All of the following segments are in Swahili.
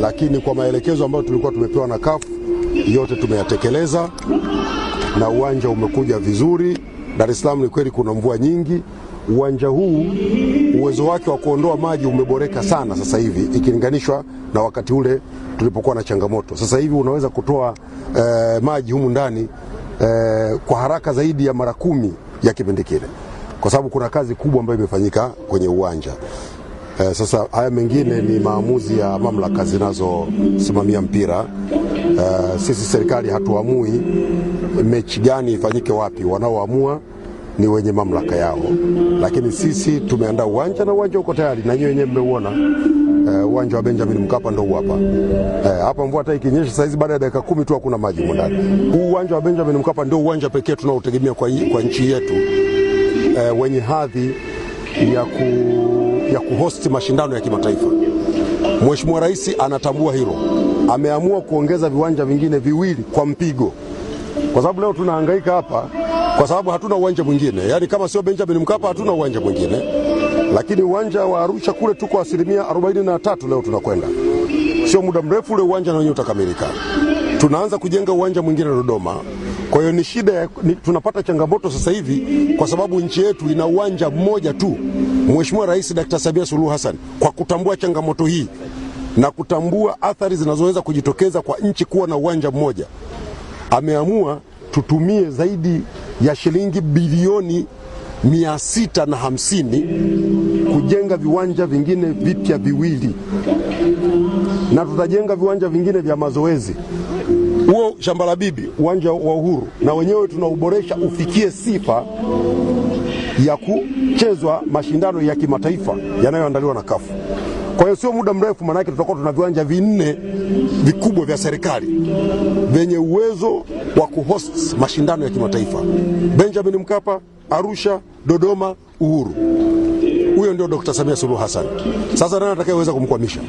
lakini kwa maelekezo ambayo tulikuwa tumepewa na CAF yote tumeyatekeleza na uwanja umekuja vizuri. Dar es Salaam ni kweli kuna mvua nyingi. Uwanja huu uwezo wake wa kuondoa maji umeboreka sana sasa hivi ikilinganishwa na wakati ule tulipokuwa na changamoto. Sasa hivi unaweza kutoa eh, maji humu ndani eh, kwa haraka zaidi ya mara kumi ya kipindi kile, kwa sababu kuna kazi kubwa ambayo imefanyika kwenye uwanja. Eh, sasa haya mengine ni maamuzi ya mamlaka zinazosimamia mpira. Eh, sisi serikali hatuamui mechi gani ifanyike wapi, wanaoamua ni wenye mamlaka yao, lakini sisi tumeandaa uwanja na uwanja uko tayari na nyinyi wenyewe mmeuona. Eh, uwanja uh, wa Benjamin Mkapa ndo hapa eh, hapa. mvua hata ikinyesha saa hizi baada ya dakika kumi tu hakuna maji ndani. Huu uwanja wa Benjamin Mkapa ndio uwanja pekee tunaotegemea kwa, kwa nchi yetu uh, wenye hadhi ya ku ya kuhosti mashindano ya kimataifa. Mheshimiwa Rais anatambua hilo, ameamua kuongeza viwanja vingine viwili kwa mpigo, kwa sababu leo tunahangaika hapa kwa sababu hatuna uwanja mwingine, yaani kama sio Benjamin Mkapa hatuna uwanja mwingine, lakini uwanja wa Arusha kule tuko asilimia 4tatu leo tunakwenda, sio muda mrefu ule uwanja na wenyewe utakamilika. Tunaanza kujenga uwanja mwingine Dodoma. Kwa hiyo ni shida tunapata changamoto sasa hivi kwa sababu nchi yetu ina uwanja mmoja tu. Mheshimiwa Rais Dr. Samia Suluhu Hassan kwa kutambua changamoto hii na kutambua athari zinazoweza kujitokeza kwa nchi kuwa na uwanja mmoja, ameamua tutumie zaidi ya shilingi bilioni mia sita na hamsini kujenga viwanja vingine vipya viwili, na tutajenga viwanja vingine vya mazoezi huo shamba la bibi, uwanja wa Uhuru na wenyewe tunauboresha ufikie sifa ya kuchezwa mashindano ya kimataifa yanayoandaliwa na kafu. Kwa hiyo sio muda mrefu, maanake tutakuwa tuna viwanja vinne vikubwa vya serikali vyenye uwezo wa kuhost mashindano ya kimataifa: Benjamin Mkapa, Arusha, Dodoma, Uhuru ndio Dr. Samia Suluhu Hassan. Sasa nani atakayeweza kumkwamisha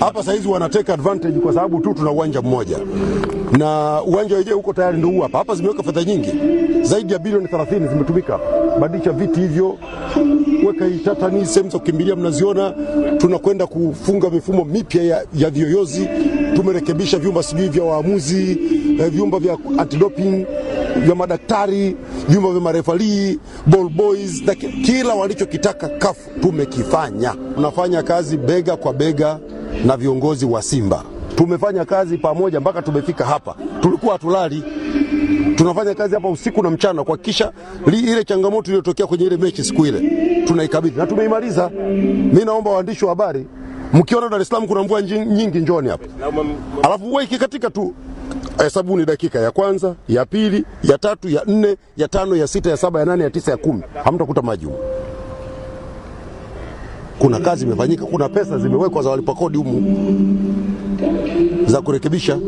hapa? Saizi wanateka advantage kwa sababu tu tuna uwanja mmoja na uwanja wenyewe huko tayari ndio hapa hapa, zimeweka fedha nyingi zaidi ya bilioni 30 zimetumika badilisha viti hivyo, weka itatani, sehemu za kukimbilia mnaziona. Tunakwenda kufunga mifumo mipya ya, ya viyoyozi. Tumerekebisha vyumba sijui vya waamuzi, eh, vyumba vya antidoping vya madaktari vyumba vya marefalii ball boys, na kila walichokitaka kafu tumekifanya. Tunafanya kazi bega kwa bega na viongozi wa Simba, tumefanya kazi pamoja mpaka tumefika hapa. Tulikuwa hatulali, tunafanya kazi hapa usiku na mchana kuhakikisha ile changamoto iliyotokea kwenye ile mechi siku ile tunaikabidhi na tumeimaliza. Mi naomba waandishi wa habari, mkiona Dar es Salaam kuna mvua nyingi, njoni hapa, alafu huwa ikikatika tu ni dakika ya kwanza, ya pili, ya tatu, ya nne, ya tano, ya sita, ya saba, ya nane, ya tisa, ya kumi, hamtakuta maji humu. Kuna kazi imefanyika, kuna pesa zimewekwa za walipa kodi humu za kurekebisha.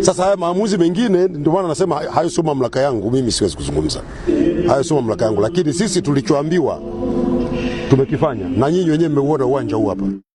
Sasa haya maamuzi mengine, ndio maana nasema hayo sio mamlaka yangu, mimi siwezi kuzungumza hayo, sio mamlaka yangu, lakini sisi tulichoambiwa tumekifanya, na nyinyi wenyewe mmeuona uwanja huu hapa.